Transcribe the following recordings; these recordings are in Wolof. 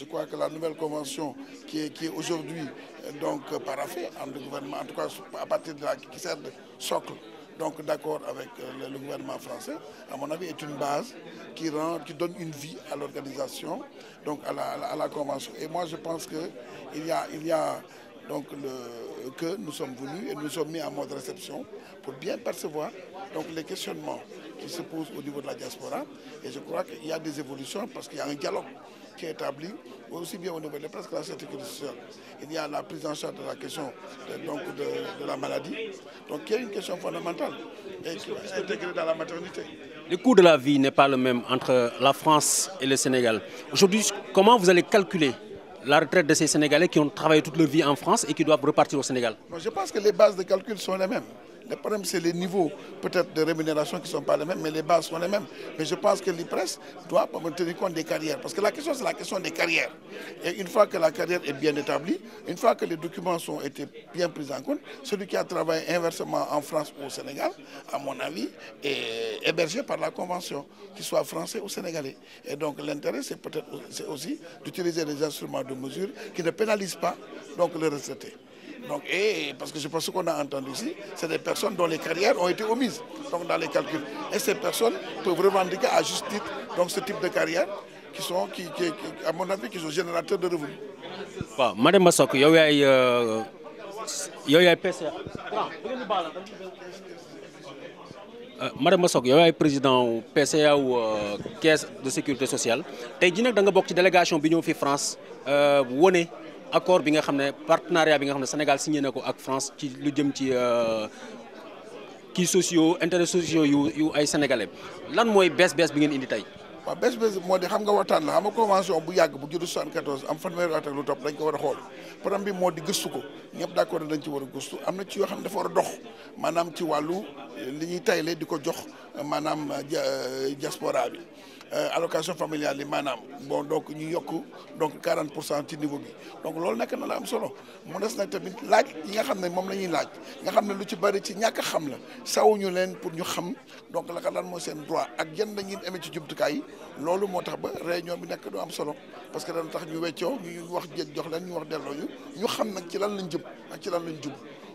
je crois que la nouvelle convention qui est, aujourd'hui euh, donc euh, paraffée entre le gouvernement, en tout cas à partir de la qui sert de socle donc d'accord avec euh, le, gouvernement français, à mon avis, est une base qui, rend, qui donne une vie à l'organisation, donc à la, convention. Et moi, je pense il y a, il y a donc que nous sommes venus et nous sommes mis en mode réception pour bien percevoir donc les questionnements qui se posent au niveau de la diaspora, et je crois qu'il y a des évolutions parce qu'il y a un dialogue qui est établi, aussi bien au niveau des presse que la cette sociale. Il y a la prise en charge de la question de, la maladie. Donc il y a une question fondamentale et qui est intégrée dans la maternité. Le coût de la vie n'est pas le même entre la France et le Sénégal. Aujourd'hui, comment vous allez calculer la retraite de ces Sénégalais qui ont travaillé toute leur vie en France et qui doivent repartir au Sénégal Je pense que les bases de calcul sont les mêmes. Le problème, c'est les niveaux peut-être de rémunération qui ne sont pas les mêmes, mais les bases sont les mêmes. Mais je pense que l'IPRES doit tenir compte des carrières. Parce que la question, c'est la question des carrières. Et une fois que la carrière est bien établie, une fois que les documents ont été bien pris en compte, celui qui a travaillé inversement en France ou au Sénégal, à mon avis, est hébergé par la Convention, qu'il soit français ou sénégalais. Et donc l'intérêt, c'est peut-être aussi d'utiliser des instruments de mesure qui ne pénalisent pas donc, le donc, parce que je pense qu'on a entendu ici, c'est des personnes dont les carrières ont été omises dans les calculs. Et ces personnes peuvent revendiquer à juste titre donc, ce type de carrière qui sont, qui, à mon avis, qui sont générateurs de revenus. madame Massok Il y a PCA euh, madame y a êtes président PCA ou caisse de sécurité sociale et je nag da nga délégation de France, fi France euh, accord bi nga xam ne partenariat bi nga xam ne Sénégal signé na ko ak France ci lu jëm ci euh, kii sociaux intérêts sociaux yu yu ay sénégalais lan mooy bees bees bi ngeen indi tey. waaw bees bees moo de xam nga waxtaan la xam nga convention bu yàgg bu judd 74 am fanweeri at ak lu topp dañ ko war a xool problème bi moo di gëstu ko ñëpp d'accord dañ ci war a gëstu am na ci yoo xam ne dafa war a dox maanaam ci wàllu. li ñuy tayle di ko jox euh, maanaam euh, euh, diaspora bi allocation familiale yi maanaam bon donc ñu yokk donc 40 pour cent ci niveau bi donc loolu nekk na la am solo mu des nag tamit laaj nga xam ne moom la ñuy laaj nga xam ne lu ci bëri ci ñàkk xam la sawuñu leen pour ñu xam donc la ka lan mooy seen droit ak jan la ñuy amee ci jumtukaay yi loolu moo tax ba réunion bi nekk du am solo parce que dana tax ñu weccoo ñu wax jël jox leen ñu wax delloo ñu ñu xam nag ci lan lañ jub ci lan lañ jub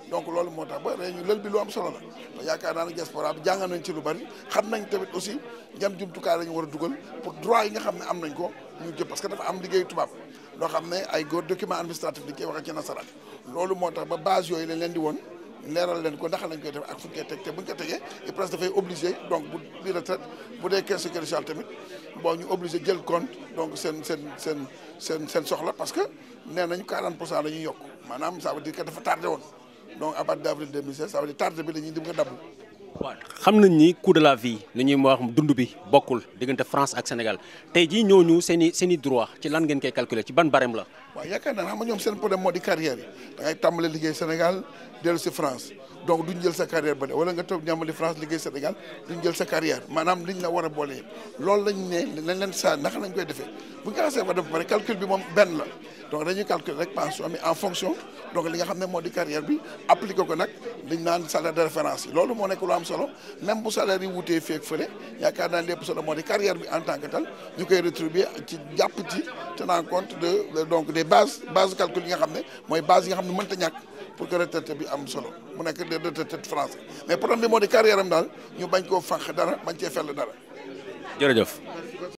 donc loolu moo tax ba réunion lël bi lu am solo la te yaakaar naa ne diaspora bi jàngal nañ ci lu bari xam nañ tamit aussi yan jumtukaay la ñu war a dugal pour droit yi nga xam ne am nañ ko ñu jëpp parce que dafa am liggéey tubaab loo xam ne ay góor document administratif dañ koy wax ak ci nasaraan moo tax ba base yooyu lañ leen di woon leeral leen ko ndax lañ koy def ak fu teg te bu ñu ko tegee et presque dafay obligé donc bu di retraite bu dee tamit bon ñu obligé jël compte donc seen seen seen seen seen soxla parce que nee nañu 40 pour cent la ñuy yokk maanaam ça veut dire que dafa tardé woon donc à partir d'avril 2016 ça veut dire tarte bi dañuy dem nga dabb. waaw xam nañ ni coût de la vie li ñuy wax dund bi bokkul diggante France ak Sénégal tey jii ñooñu seen i seen droit ci lan ngeen koy calculer ci ban barème la. waaye yaakaar naa xam nga ñoom seen problème moo di carrière yi da ngay tàmbale liggéey Sénégal dellu si France donc duñ jël sa carrière ba de wala nga toog ñàmbali France liggéey Sénégal duñ jël sa carrière maanaam liñ la war a boole loolu lañ ne lañ leen sa naka lañ koy defee bu ñu ko xasee ba def pare calcul bi moom benn la donc dañuy calculer rek pension bi en fonction donc li nga xam ne moo di carrière bi appliqué ko nag liñ naan salaire de référence loolu moo nekk lu am solo même bu salaire yi wutee feeg fële yaakaar naa lépp solo moo di carrière bi en tant que tel ñu koy rétribuer ci jàpp ci tenant compte de donc des base base calcul yi nga xam ne mooy base yi nga xam ne mënta ñàkk pour que retraité bi am solo mu nekk des retraités français mais problème bi moo di carrière am daal ñu bañ koo fànq dara bañ cee fell dara jërëjëf